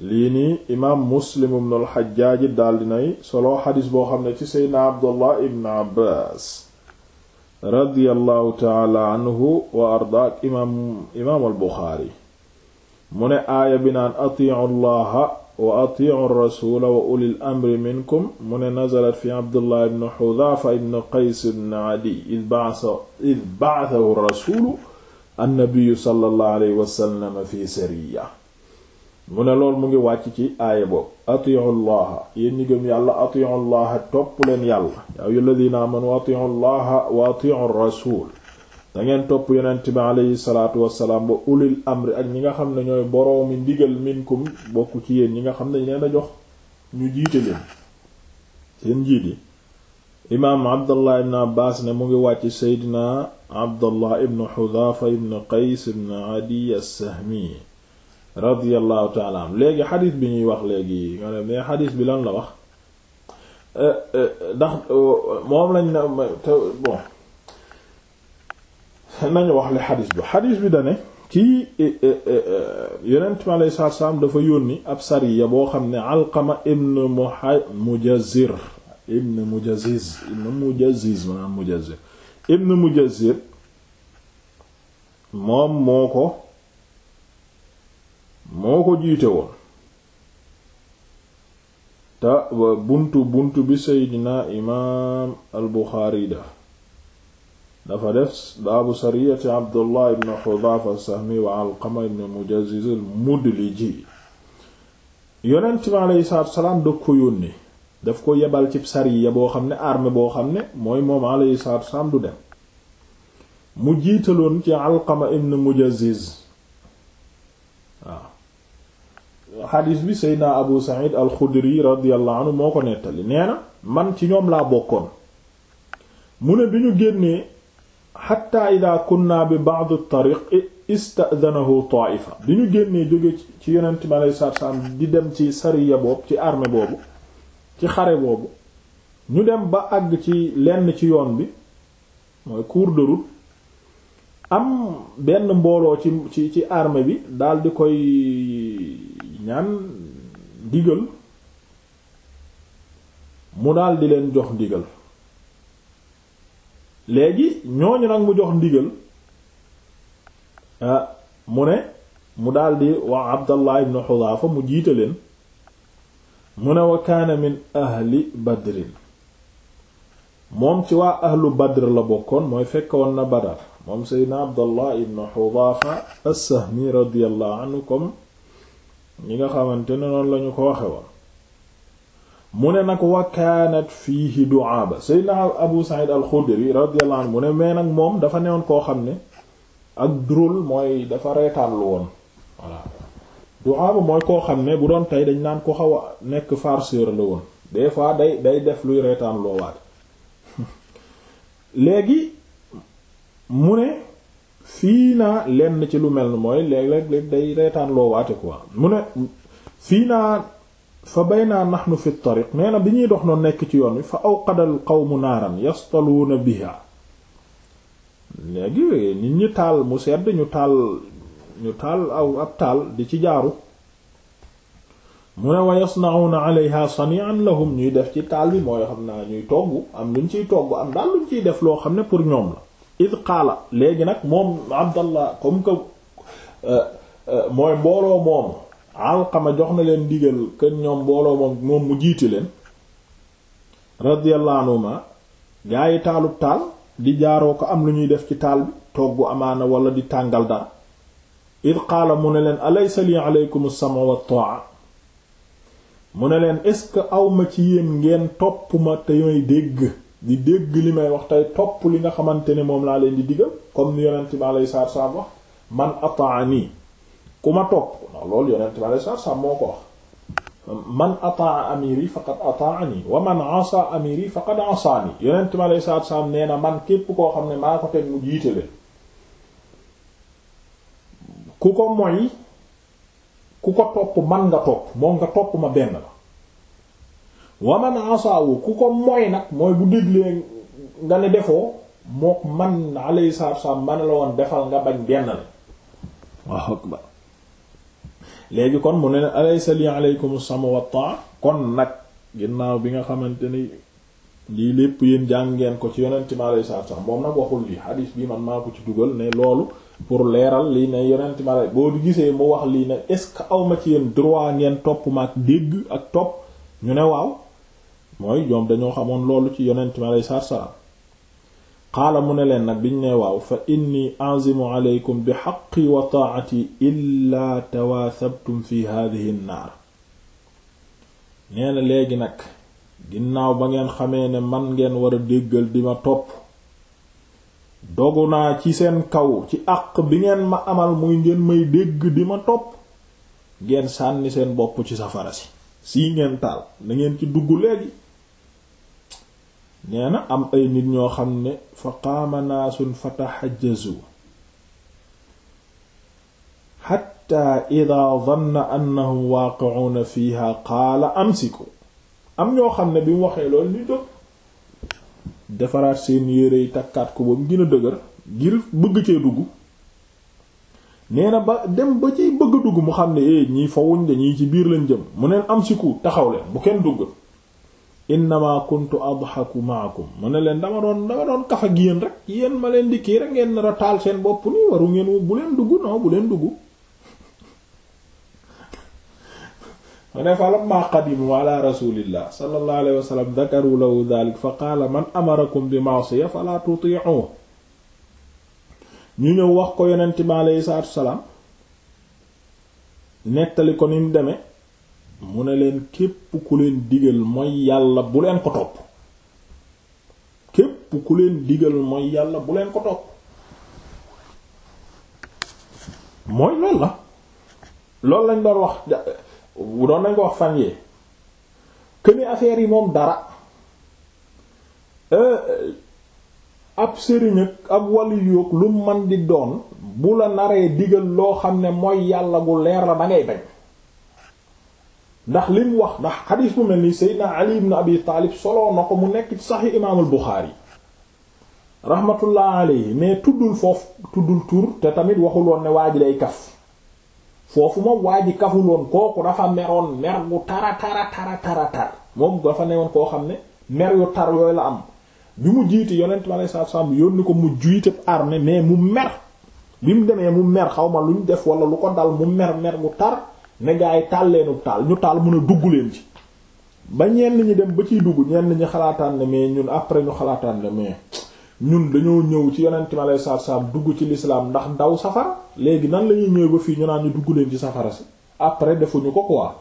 lii nii imaam muslim ibn al-Hajjaj daal dinay solo xadis boo xam ne ci seydna abdullah ibn abbas radiyallahu taala anhu wa ardaak imaam imaam al-Buxaari mu ne aaya bi naan atiu allaha wa atiu rasula wa ulil amri minkum mu ne nazalat fi abdullah ibn xudaafa ibn qays ibn adi id ba'atha id ba'athahu rasulu annabiyu sallallahu alayhi wa sallam fi sariya mu ne lool mu ngi wàcc ci aaya boobu atiiwu llaha yéen ñi gëm yàlla atiiwu llaha topp leen yàlla yaa ayyuha alladina atiiwu llaha wa atiiwu rasul da ngeen topp yonent bi aleyhi salaatu wasalaam wa ulil amri ak ñi nga xam ne ñooy boroomi ndigal minkum bokk ci yéen ñi nga xam ne leen a jox ñu jiite leen seen njiit yi imaam abdallah ibn abbas ne mu ngi wàcc seydina abdallah ibn xudaafa ibn qays ibn adi as-sahmi radiyallahu taala am léegi xadis bi ñuy wax léegi nga ne mais xadis bi lan la wax euh, euh, ndax euh, moom lañ na te bon nañu wax le xadis bi xadis bi dane kii e, e, e, yonent mi alayhi salaatu salaam dafa yónni ab sariya boo xam ne alqama ibn muha mujazir ibn mujaziz ibn mujaziz maanaam mujazir ibn mujazir moom moo ko moo ko jiite woon te buntu buntu bi seydina imaam al buxaari def dafa des baabu sariyati abdullah ibn xudaafa as-sahmi wa alqama ibn mujazziz al mudliji yonent bi aleyhi salaatu wasalaam da ko yónni daf ko yebal ci sariya boo xam ne armée boo xam ne mooy moom aleyhi salaatu wasalaam du dem mu jiitaloon ci alqama ibn mujazziz xadiis bi seydna abu sa'id al-xudri radiyallahu moo ko nettali nee na man ci ñoom laa bokkoon mu ne bi ñu génnee xatta ida kunna bi ba'd at-tariq ista'danahu ta'ifa bi ñu génnee jóge ci yonent bi alayhi salaatu salaam di dem ci sariya boobu ci armée boobu ci xare boobu ñu dem ba àgg ci lenn ci yoon bi mooy cours am benn mbooloo ci ci arme bi dal di koy ñaan ndigal mu daldi leen jox ndigal léegi ñooñu nag mu jox ndigal ah mu ne mu daal di Abdallah ibn Hudhafa mu jiite leen mu ne wa kaana min ahli badrin moom ci waa ahlu badr la bokkoon mooy fekkoon na badar moom seydna Abdallah ibn Hudhafa as-Sahmi radiyallahu anhu comme ñi nga xamante ne noonu lañu ko waxe woon mu ne nag wa kaanat fiihi du'aaba sayyidina abu sa'id al-xudri radiyallahu anhu mu ne mais nag moom dafa newoon koo xam ne ak drôle mooy dafa reetaanlu woon voilà du'aaba mooy koo xam ne bu doon tey dañ naan ko xaw a nekk farceur la woon des fois day day def luy reetaanloo waat léegi mu ne fii naa lenn ci lu mel mooy léeg-léeg day reetaan loo waate quoi mu ne fii naa fa baynaa nahnu fi tariq nee na bi ñuy dox noonu nekk ci yoon wi fa aw awqadal qawmu naaran yastaluuna biha léegi nit ñi taal mu sedd ñu taal ñu taal aw ab taal di ci jaaru mu ne wa yasna'una 'alayha sani'an lahum ñuy def ci taal bi xam naa ñuy togg am luñ ciy togg am daal ciy def loo xam ne pour ñoom la id qaala léegi nag moom abdallah comme que euh, euh, mooy mbooloo moomu alqama jox na leen digal kën ñoom mbooloo moom moom mu jiiti leen radiyallahu anhuma gaa yi taalub taal di jaaroo ko am lu ñuy def ci taal bi togg amaana wala di tàngal dara id qaala mu ne leen alaysa li aleykum as mu ne leen est-ce que awma ci yéen ngeen topp ma te may dégg di dégg li may wax tey topp li nga xamante ne moom laa leen di digal comme ni yonent bi alayhi salaatu salaam wax man ataani ku ma topp ndax loolu yonent bi alayhi salaatu salaam moo ko wax man ataa amiri faqad ataani wa man asa amiri faqad asaani yonent bi alayhi salaatu salaam nee na man képp koo xam ne maa ko teg mu jiite leen ku ko moy ku ko topp man nga topp moom nga topp ma benn la waman asaawu ku ko mooy nag mooy bu déglee nga ne defoo mook man alayhi salaatu wasallam man la woon defal nga bañ benn la léegi kon mu ne ne alaysa li alaykum sama kon nag ginnaaw bi nga xamante ni lii lépp yéen jàng ngeen ko ci yonent mi alayhi salaatu wasallam moom nag waxul lii xadiis bi man maa ko ci dugal ne loolu pour leeral lii ne yonent mi alayhi boo gisee mu wax lii ne est-ce que awma ci yéen droit ngeen topp ma ak dégg ak topp ñu ne waaw mooy ñoom dañoo xamoon loolu ci yonent ma aleyhi salaatu salaam qaala mu ne leen nag biñ ne waaw fa inni anzimu aleykum bi xaqi wa te illaa tawaasabtum fi haadihi naar nee léegi nag ginnaaw ba ngeen xamee ne man ngeen war a déggal di ma topp dogu naa ci seen kaw ci àq bi ngeen ma amal muy ngeen may dégg di ma topp ngeen sànni seen bopp ci safara si sii ngeen taal na ngeen ci dugg léegi nee na am ay nit ñoo xam ne fa qaama naasun fatahajjazu xatta ida danna annahum waaqicuuna fiiha qaala amsiku am ñoo xam ne bi mu waxee loolu li dog defaraat seen yére yi takkaat ko boobu gën a dëgër ngir bëgg cee dugg nee na ba dem ba ciy bëgg dugg mu xam ne eh ñii fawuñ de ñii ci biir lañ jëm mu neen amsiku taxaw bu kenn dugg innama kuntu adhaku maakum mu ne leen dama doon dama doon kaf ak yéen rek yéen ma leen di kii rek ngeen nar taal seen bopp ni waru ngeen bu leen dugg non bu leen dugg mu ne fa lamma qadimu ala rasulillah sallallahu alayhi wa sallam dakaru ko yonent bi nettali ko ni mu demee mu ne leen képp ku leen digal mooy yàlla bu leen ko topp képp ku leen digal mooy yàlla bu leen ko topp mooy loolu la loolu lañ doon wax doon nañ ko wax fan yi këni affaire yi moom dara euh, ab sëriñ ak ab wàllu lu man di doon bu la naree digal loo xam ne mooy yàlla bu leer la da bañ ndax li wax ndax xadiis bu mel ni Seydina Ali ibn Abi Taalib na ko mu nekk sax saxi imaamul Buxaari rahmatullah alayhi mais tuddul foofu tuddul tur te tamit waxul woon ne waa ji lay kaf foofu moom waa ji kaful woon kooku dafa meroon mer gu tara tara tara tara tar moom dafa ne woon koo xam ne mer yu tar yooyu la am bi mu jiite yonent bi alayhi salaatu salaam yónni ko mu jiite armée mais mu mer bi mu demee mu mer xaw ma lu ñu def wala lu ko dal mu mer mer gu tar ne gaa yi taal leenub taal ñu taal mun a dugg leen ci ba ñenn ñi dem ba ciy dugg ñenn ñi xalaataan ne mais ñun après ñu xalaataan ne mais ñun dañoo ñëw ci yonent mi alayhi salaatu dugg ci l'islam ndax daw safara léegi nan la ñuy ñëw fii ñu naan ñu dugg leen ci safara si après defuñu ko quoi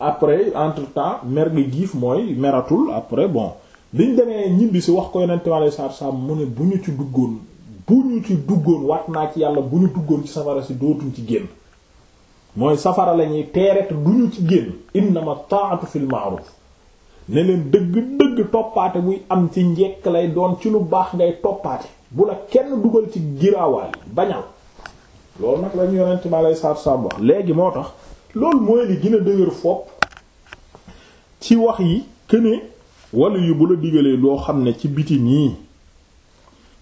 après entre temps mer gi giif mooy meratul après bon liñ demee ñibbi si wax ko yonent mi alayhi salaatu salaam mu ne bu ñu ci duggoon bu ñu ci duggoon waat naa ci yàlla bu ñu duggoon ci safara si dootuñ ci génn. mooy safara la ñuy teeret duñu ci génn innama taatu fil ma'ruf ne leen dëgg-dëgg toppaate buy am ci njekk lay doon ci lu baax ngay toppaate bu la kenn dugal ci giraawaal yi bañal loolu nag lañu yonent ma lay saatu saam wax léegi moo tax loolu mooy li gën a dëgër fopp ci wax yi këne walu yu bu la digalee doo xam ne ci biti nii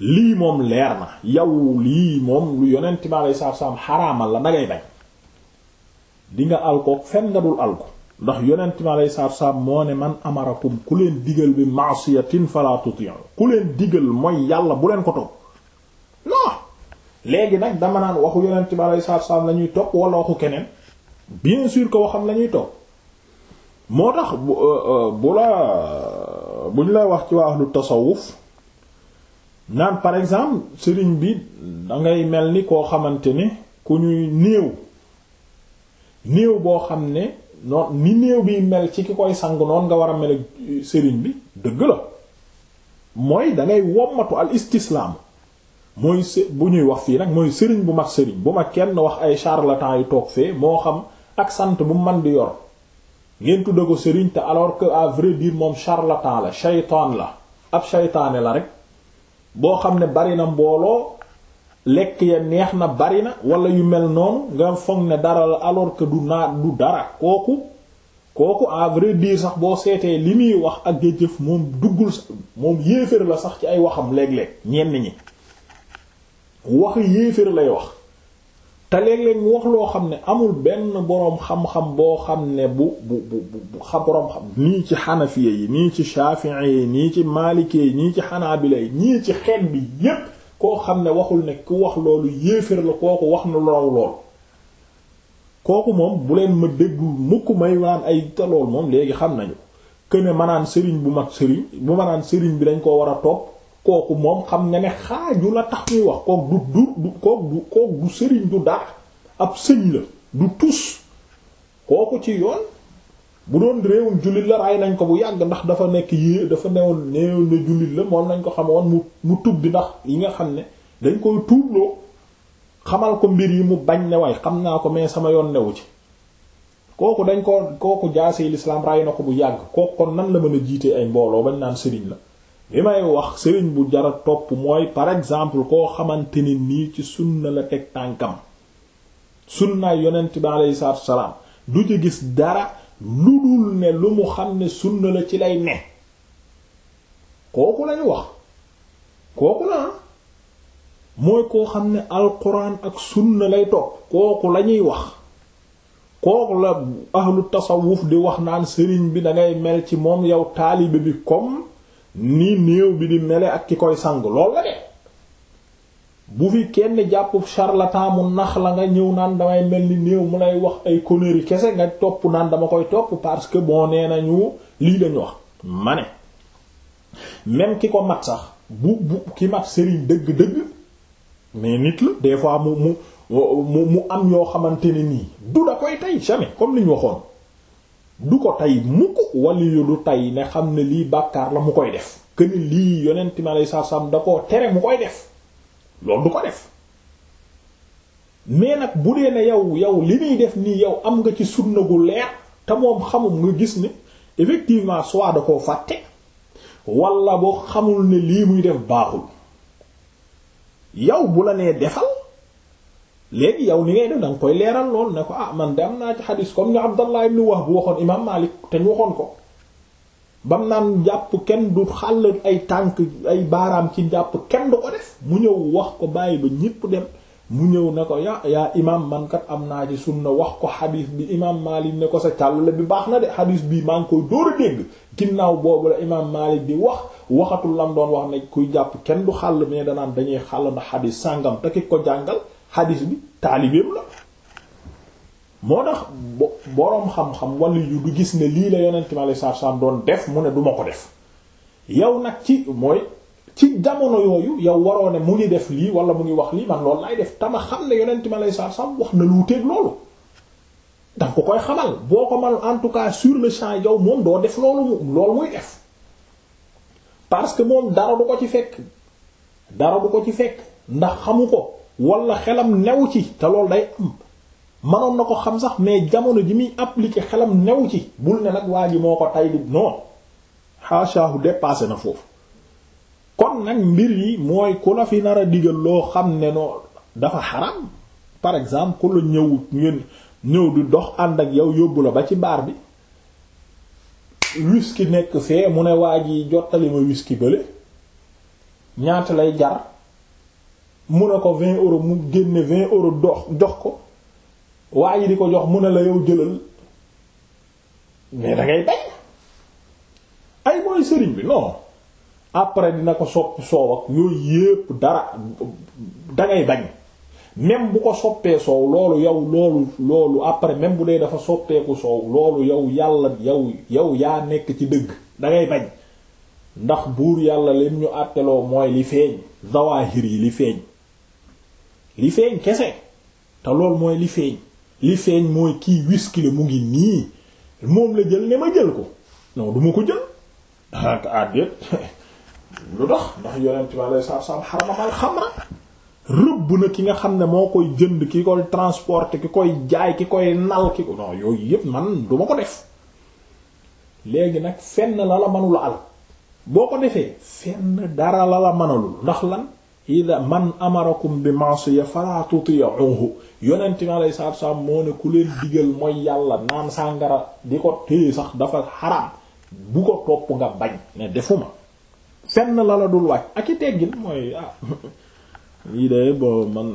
lii moom leer na yow lii moom lu yonent ma lay saatu saam xaraamal la dangay bañ di nga alkook fen nga dul alko ndax yonent mi alayhi salaatu salaam moo ne man amarakum ku leen digal bi ma'siyatin fala tuti'u ku leen digal mooy yàlla bu leen ko topp non léegi nag dama naan waxu yonent mi alayhi salaatu salaam la ñuy topp wala waxu keneen bien sûr que waxam lañuy ñuy moo tax euh, euh, bu la bu ñu lay wax ci wax lu tasawuf naan par exemple sëriñ bi da ngay mel ni koo xamante ni ku ñuy néew. néew boo xam ne noon ni néew bi mel ci ki koy sang noonu nga war a mel ak sëriñ bi dëgg la mooy da ngay wommatu al istislaam mooy bu ñuy wax fii nag mooy sëriñ bu mag sëriñ bu ma kenn wax ay charlatan yu toog fee moo xam ak sant bu man di yor ngeen tudda ko sëriñ te alors que à vrai dire moom charlatan la shaytaan la ab shaytaane la rek boo xam ne bari na mbooloo lekk ya neex na bari na wala yu mel noonu nga foog ne dara la alors que du naa du dara kooku kooku à vrai sax boo seetee li muy wax ak jëf moom duggul moom yéeféer la sax ci ay waxam léeg-léeg ñenn ñi waxi yéeféer lay wax te léeg-léeg mu wax loo xam ne amul benn boroom xam-xam boo xam ne bu bu bu xam boroom xam nii ci xanafiya yi nii ci shafi'i yi nii ci maalikee yi nii ci xanaabila yi nii ci xeet bi yépp koo xam ne waxul ne ku wax loolu yéeféer la kooku wax na loraw lool kooku moom bu leen ma déglu mukk may waan ay te moom léegi xam nañu que manaan sëriñ bu mag sëriñ bu manaan sëriñ bi dañ koo war a toog kooku moom xam nga ne xaaju la tax muy wax kook du du kook du sëriñ du dara ab sëñ la du tus kooku ci yoon bu doon réewum jullit la ray nañ ko bu yàgg ndax dafa nekk yée dafa newoon neewoon ne jullit la moom nañ ko xamoon mu mu tub bi ndax yi nga xam ne dañ koy tuubloo xamal ko mbir yi mu bañ ne way xam naa ko mais sama yoon newu ci kooku dañ ko kooku jaasee lislaam ray na ko bu yàgg kooku kon nan la mën a jiitee ay mbooloo bañ naan sëriñ la li may wax sëriñ bu jara topp mooy par exemple koo xamante ni nii ci sunna la teg tànkam sunnaay yonent bi aleyhi du ci gis dara lu dul ne lu mu xam ne sunna la ci lay ne kooku lañu wax kooku la ah. mooy koo xam ne alquran ak sunna lay topp kooku lañuy wax kooku la ahlu tasawuf di wax naan sëriñ bi dangay mel ci moom yow taalibe bi comme ni néew bi di mele ak ki koy sang lool la de bu fi kenn jàpp charlatan mu nax la nga ñëw naan damay mel ni néew mu lay wax ay conneries kese nga topp naan dama koy topp parce que bon nee nañu lii dañu wax ma ne même ki ko mat sax bu bu ki mat sëriñ dëgg-dëgg mais nit la des fois mu mu mu am yoo xamante ne nii du da koy tey jamais comme li ñu waxoon du ko tey mukk wala yu du tey ne xam ne lii bàkkaar la mu koy def que ni lii yonent ma alayhi salaam da koo tere mu koy def. loolu du ko def mais nag bu dee ne yow yow li muy def nii yow am nga ci sunna gu leer te moom xamum nga gis ne effectivement soit da koo fàtte wala boo xamul ne lii muy def baaxul yow bu la nee defal léegi yow ni ngay def da nga koy leeral lool ne ko ah man de am naa ci xadis comme ni Abdallah wax Wahb waxoon imaam Maalik te ñu waxoon ko bam naan jàpp kenn du xàll ay tànk ay baaraam ci jàpp kenn du ko def mu ñëw wax ko bàyyi ba ñépp dem mu ñëw ne ko ya yaa imam man kat am naa ci sunna wax ko xadis bi imam Maalik ne ko sa la bi baax na de xadis bii maa ngi koy dóor a dégg ginnaaw boobu la imam Maalik di wax waxatul lam doon wax ne kuy jàpp kenn du xàll mais danaan dañuy xàll na xadis sàngam te ki ko jàngal xadis bi taalibeem la moo tax boroom xam-xam wala yu du gis ne lii la yonent ma alayhi salaatu salaam doon def mu ne du ko def yow nag ci mooy ci jamono yooyu yow waroo ne mu ngi def lii wala mu ngi wax lii man loolu laay def tama xam ne yonent ma lay salaatu salaam wax na lu wuteeg loolu danga ko koy xamal boo ko mal en tout cas sur le champ yow moom doo def loolu loolu muy def parce que moom dara du ko ci fekk dara du ko ci fekk ndax xamu ko wala xelam new ci te loolu day manoon na ko xam sax mais jamono ji muy appliquer xelam new ci bul ne nag waa ji moo ko tay di non xaasaahu dépassé na foofu kon nag mbir yi mooy ku la fi nar a digal loo xam ne noo dafa xaram par exemple ku la ñëw ngeen di dox ànd ak yow yóbbu la ba ci baar bi whisky nekk fee mu ne waa ji jottali ma whisky bële ñaata lay jar mu ne ko vingt euros mu génne vingt euros dox jox ko waa yi di ko jox mu ne la yow jëlal mais da bañ ay mooy sëriñ bi non après dina ko soppi soow ak yooyu yépp dara da bañ même bu ko soppee soow loolu yow loolu loolu après même bu dee dafa soppeeku soow loolu yow yàlla yow yaa nekk ci dëgg da bañ ndax buur yàlla leen ñu àtteloo mooy li feeñ zawahir yi li feeñ li feeñ kese te loolu mooy li feeñ li feeñ mooy kii wiski la mu ngi nii moom la jël ne ma jël ko non du ko jël ah, ak àddeet lu tax ndax yonent bi alayhi salaatu salaam ki nga xam ne moo koy jënd ki koy transporter ki koy jaay ki koy nal ki ko yooyu yëpp man duma ko def léegi nag fenn la la manul al boo ko defee fenn dara la la mënalul ndax lan ida man amarakum bi ma'siya fala tuti'uhu yonent mi alayhi salaatu salaam moo ne ku leen digal mooy yàlla naan sàngara di ko téye sax dafa xaraam bu ko topp nga bañ ne defuma fenn la la dul wàcc ak i teggin mooy ah de bo man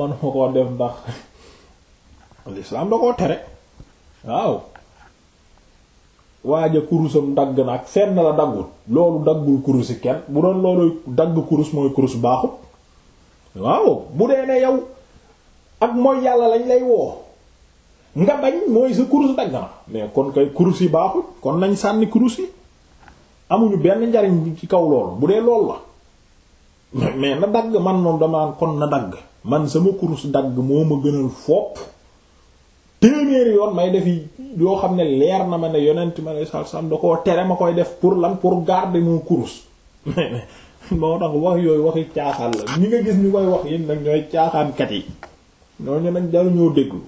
man koo def ndax l'islam da koo tere waaw waaja kurusam dagg na ak fenn la daggul loolu daggul kurusi kenn bu doon loolu dagg kurus mooy kurus baaxut waaw bu dee ne yow ak mooy yàlla lañ lay woo nga bañ mooy sa kurus dagg na mais kon kay kurus yi baaxut kon nañ sànni kurus yi amuñu benn njariñ ci kaw loolu bu dee loolu la mais na dagg man moom dama kon na dagg man sama kurus dagg moo ma gënal fopp téeméeri yoon may def yoo xam ne leer na ma ne yonent ma ne sax sax da koo tere ma koy def pour lan pour garder mon kurus moo tax wax yooyu waxi caaxaan la ñi nga gis ñu koy wax yéen nag ñooy caaxaankat yi ñooñu nag daal ñoo déglu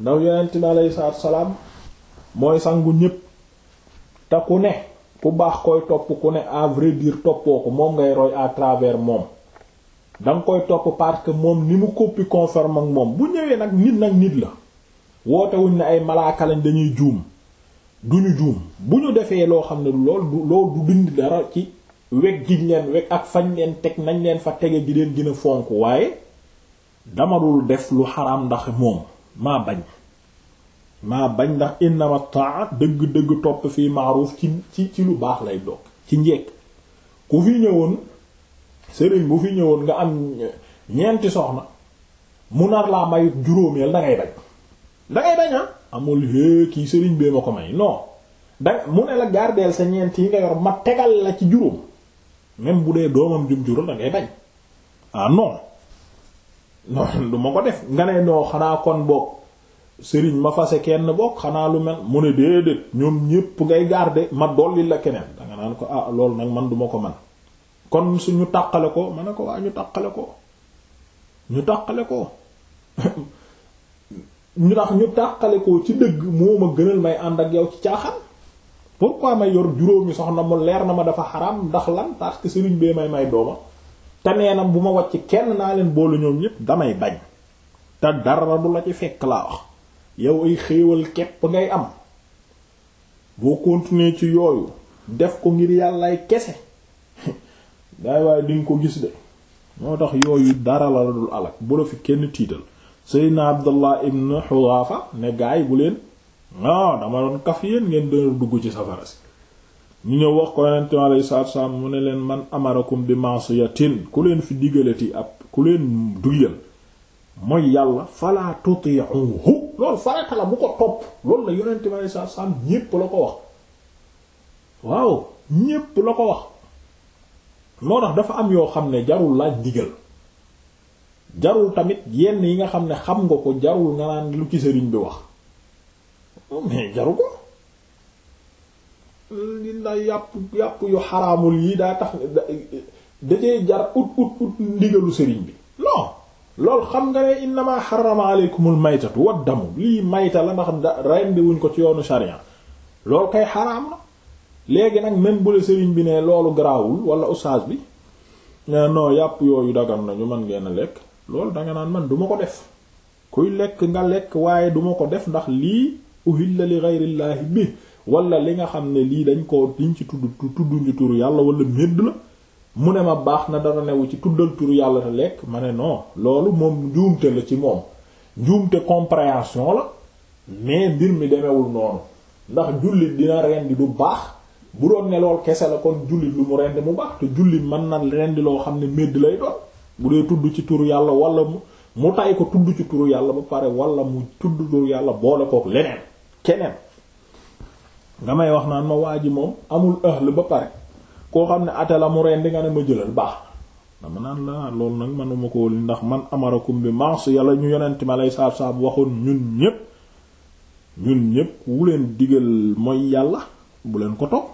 ndax yonent bi aleyhi salaatu salaam mooy sangu ñépp te ku ne ku baax koy topp ku ne à vrai toppoo ko moom ngay roy à travers moom danga koy topp parce que moom ni mu coppi conforme ak moom bu ñëwee nag nit nag nit la. woote wuñ na ay malaaka lañ dañuy juum duñu juum bu ñu defee loo xam ne lool du lool du dindi dara ci weg giñ leen weg ak fañ leen teg nañ leen fa tege gi leen gën a fonk waaye dama dul def lu xaraam ndax moom maa bañ maa bañ ndax innama taa dëgg-dëgg topp fii maaruuf ci ci ci lu baax lay doog ci njekk ku fi ñëwoon sëriñ bu fi ñëwoon nga am ñeenti soxna mu nar laa mayut juróomeel dangay bañ da ngay bañ ah. amul hee eh, kii sëriñ bee ma ko may non da mu ne la gardeel sa ñeent yi nga yor ma tegal la ci juróom même bu dee doomam jum juróom da ngay bañ ah ma ko def nga ne xanaa kon boog sëriñ ma fase xanaa lu mel mu ne ñoom ñépp ngay garder ma dolli la keneen danga naan ko ah loolu nag man duma ko man kon suñu tàqale ko ma ne ko waa ñu tàqale ko ñu tàqale ko ñu ndax ñu tàqale ci dëgg moo ma gënal may ànd ak yow ci caaxaan pourquoi may yor juróomi soxna mu leer na ma dafa xaram ndax lan parce que sëriñ bee may may dooma te nee bu ma wàcc kenn naa leen boolu ñoom ñépp damay bañ te dara du la ci fekk laa wax yow ay xéewal képp ngay am boo continuer ci yooyu def ko ngir yàllaay kese daay waaye dinga ko gis de moo tax yooyu dara la dul alak bu la fi kenn tiital Seydina Abdallah ibn Xudaafa ne gaay bu leen non ah, dama doon kaf yéen ngeen doon dugg ci safara si ñu ñëw wax ko yonent mi alayhi salaatu mu ne leen man amarakum bi ma'siyatin ku leen fi digalati ab ku leen duyal mooy yàlla fala tuti'uhu loolu farata la bu ko topp loolu la yonent mi alayhi salaatu ñépp la ko wax waaw ñépp la ko wax moo tax dafa am yoo xam ne jarul laaj digal jarul tamit yenn yi nga xam ne xam nga ko jarul nga naan lu ci sëriñ bi wax oh, mais jaru ko li na yàpp yàpp yu xaraamul yi daa tax da cee jar ut ut ut ndigalu sëriñ bi non loolu xam nga ne innama xarama aleykumul maytatu wa damu lii mayta la ndax da rendi wuñ ko ci yoonu sharia loolu kay xaraam la léegi nag même bule la sëriñ bi ne loolu garaawul wala oustaz bi eh, non yàpp yooyu dagan nañu mën ngeen a lekk loolu danga naan man duma ko def kuy lekk nga lekk waaye duma ko def ndax lii la li ghayrillaahi bi walla li nga xam ne lii dañ ko liñ ci tudd tudd ci turu yàlla wala médd la mu ne ma baax na dara newu ci tuddal turu yàlla te lekk ma ne non loolu moom njuumte la ci moom njuumte compréhension la mais mbir mi demewul noonu ndax jullit dina rendi du baax bu doon ne lool kese la kon jullit lu mu rendi mu baax te jullit mën na rendi loo xam ne médd lay doon bu dee tudd ci turu yàlla wala mu tay ko tudd ci turu yàlla ba pare walla mu tudd turu yàlla boole kook leneen keneen nga may wax naan ma waa ji moom amul ahl ba pare koo xam ne ate la mu rendi nga ne ma jëlal baax dama naan la loolu nag manuma ko li ndax man amara bi mars yàlla ñu yonent ma lay saab-saab waxoon ñun ñépp ñun ñépp wu leen digal mooy yàlla bu leen ko topp